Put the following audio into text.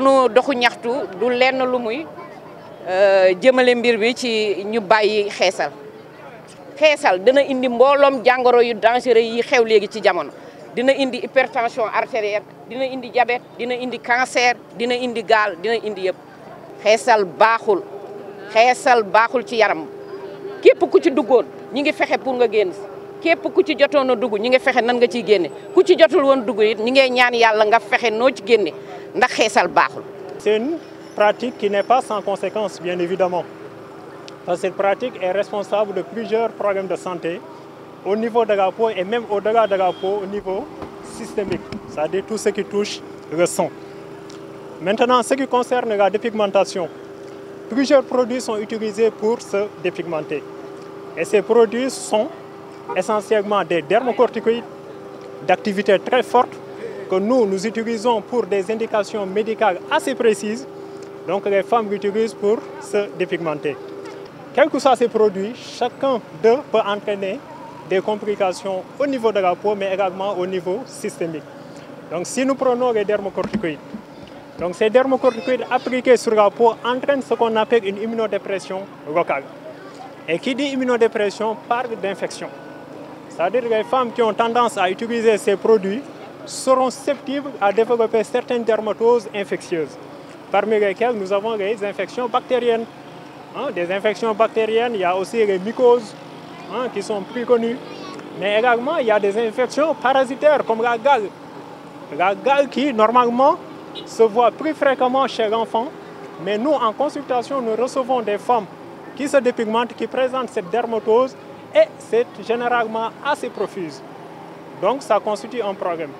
sunu doxu ñaxtu du lenn lu muy euh, jëmale mbir bi ci ñu bàyyi xeesal xeesal dana indi mbooloom jàngoro yu dangereux yi xew léegi ci jamono dina indi hypertension artérielle dina indi jabet dina indi cancer dina indi gaal dina indi yëpp xeesal baaxul xeesal baaxul ci yaram képp ku ci duggoon ñi ngi fexe pour nga génn képp ku ci jotoon a dugg ñi ngi fexe nan nga ciy génne ku ci jotul woon dugg it ñi ngay ñaan yàlla nga fexe noo ci génne c'est une pratique qui n'est pas sans conséquences, bien évidemment cette pratique est responsable de plusieurs problèmes de santé au niveau de la peau et même au-delà de la peau au niveau systémique c'est-à-dire tout ce qui touche le sang. Maintenant ce qui concerne la dépigmentation plusieurs produits sont utilisés pour se dépigmenter et ces produits sont essentiellement des dermocorticoïdes d'activité très forte que nous, nous utilisons pour des indications médicales assez précises, donc les femmes l'utilisent pour se dépigmenter. Quel que soit ces produits, chacun d'eux peut entraîner des complications au niveau de la peau, mais également au niveau systémique. Donc si nous prenons les dermocorticoïdes, donc ces dermocorticoïdes appliqués sur la peau entraînent ce qu'on appelle une immunodépression locale. Et qui dit immunodépression parle d'infection. C'est-à-dire les femmes qui ont tendance à utiliser ces produits seront susceptibles à développer certaines dermatoses infectieuses, parmi lesquelles nous avons les infections bactériennes. Hein, des infections bactériennes, il y a aussi les mycoses hein, qui sont plus connues. Mais également, il y a des infections parasitaires comme la gale. La gale qui, normalement, se voit plus fréquemment chez l'enfant. Mais nous, en consultation, nous recevons des femmes qui se dépigmentent, qui présentent cette dermatose et c'est généralement assez profuse. Donc, ça constitue un problème.